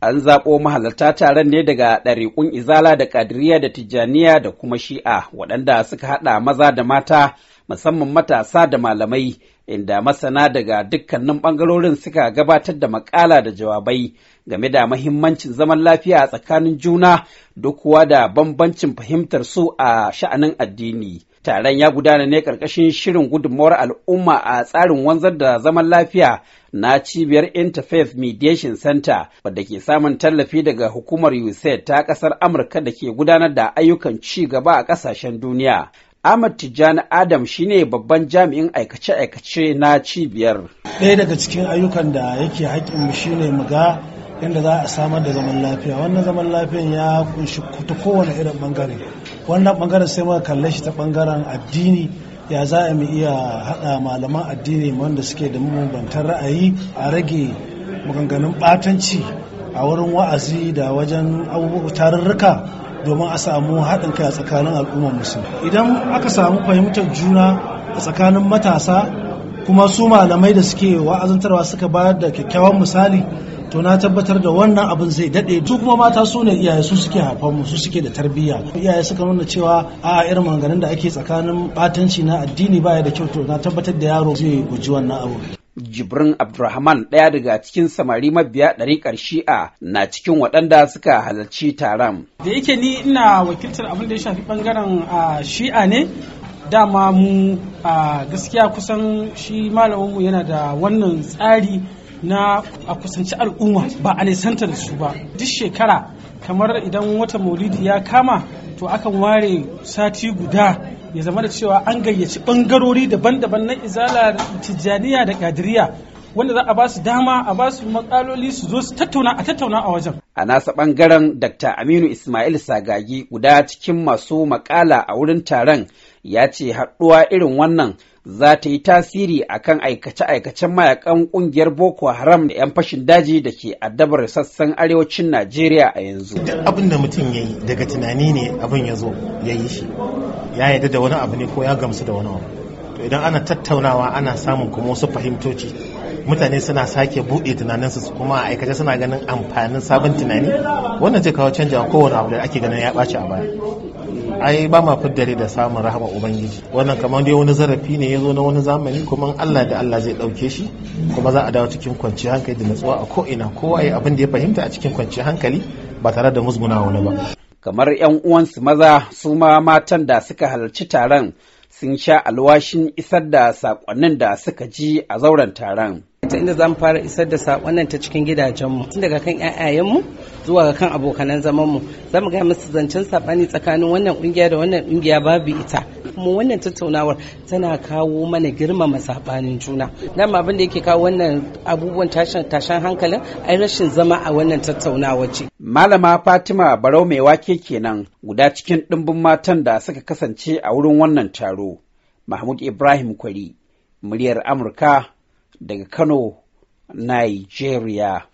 An zaɓo mahalarta taron ne daga ɗariƙun Izala da Kadiriya da Tijjaniya da kuma Shi'a waɗanda suka haɗa maza da mata musamman matasa da malamai inda masana daga dukkanin ɓangarorin suka gabatar da maƙala da jawabai game da mahimmancin zaman lafiya a tsakanin juna duk kuwa da bambancin fahimtar su a sha'anin addini. Taron ya gudana ne ƙarƙashin shirin gudunmawar al'umma a tsarin wanzar da zaman lafiya na cibiyar Interfaith Mediation Center wadda ke samun tallafi daga hukumar USAID ta ƙasar Amurka da ke gudanar da ayyukan ci gaba a ƙasashen duniya. Ahmad Tijjani Adam shine babban jami'in aikace-aikace na cibiyar. Ɗaya daga cikin ayyukan da yake mu shine mu ga inda za a samar da zaman lafiya. Wannan zaman lafiyan ya kunshi ta kowane irin bangare. wannan bangaren sai muka kalle shi ta bangaren addini ya za a mu iya haɗa malaman addini wanda suke da mabambantan ra'ayi a rage maganganun ɓatanci a wurin wa'azi da wajen abubuwa tarurruka domin a samu haɗin kai a tsakanin al'ummar musulmi idan aka samu fahimtar juna a tsakanin matasa kuma su malamai da suke wa'azantarwa suka bayar da kyakkyawan misali to na tabbatar da wannan abin zai dade su kuma mata su ne iyaye su suke haifan mu su suke da tarbiyya iyaye suka nuna cewa a irin maganganun da ake tsakanin batanci na addini baya da kyau to na tabbatar da yaro zai guji wannan abu Jibrin Abdulrahman ɗaya daga cikin samari mabiya ɗariƙar Shi'a na cikin waɗanda suka halarci taron. Da yake ni ina wakiltar abin da ya shafi ɓangaren Shi'a ne, dama mu a gaskiya kusan shi malaminmu yana da wannan tsari na a kusanci al'umma ba a nisanta da su ba duk shekara kamar idan wata maulidi ya kama to akan ware sati guda ya zama da cewa an gayyaci bangarori daban-daban na izala tijjaniya da kadiriya wanda za a ba su dama a ba su matsaloli su zo su tattauna a tattauna a wajen. A nasa bangaren Dr. Aminu Ismail Sagagi guda cikin masu makala a wurin taron ya ce haɗuwa irin wannan za ta yi tasiri a kan aikace-aikacen mayakan ƙungiyar Boko Haram da 'yan fashin daji da ke addabar sassan arewacin Najeriya a yanzu. Duk abin da mutum ya yi daga tunani ne abin ya zo ya yi shi. Ya yadda da wani abu ne ko ya gamsu da wani abu. To idan ana tattaunawa ana samun kuma wasu fahimtoci mutane suna sake buɗe tunaninsu su kuma aikace suna ganin amfanin sabon tunani wannan zai kawo canja kowane abu da ake ganin ya ɓaci a baya ai ba ma fiddare da samun rahama ubangiji wannan kamar dai wani zarafi ne ya zo na wani zamani kuma Allah da Allah zai ɗauke shi kuma za a dawo cikin kwanciyar hankali da natsuwa a ko'ina kowa ya abin da ya fahimta a cikin kwanciyar hankali ba tare da musguna wani ba kamar 'yan uwansu maza su ma matan da suka halarci taron sun sha alwashin isar da sakonnin da suka ji a zauren taron. ta inda zamu fara isar da sakonnan ta cikin gidajenmu tun daga kan mu zuwa ga kan abokanan zaman mu zamu ga musu zancen sabani tsakanin wannan kungiya da wannan kungiya babu ita kuma wannan tattaunawar tana kawo mana girmama sabanin juna nan abin da yake kawo wannan abubuwan tashin tashin hankalin ai rashin zama a wannan tattaunawar ce malama fatima barau mai wake kenan guda cikin dimbin matan da suka kasance a wurin wannan taro mahmud ibrahim kwari muryar amurka daga Kano, Nigeria.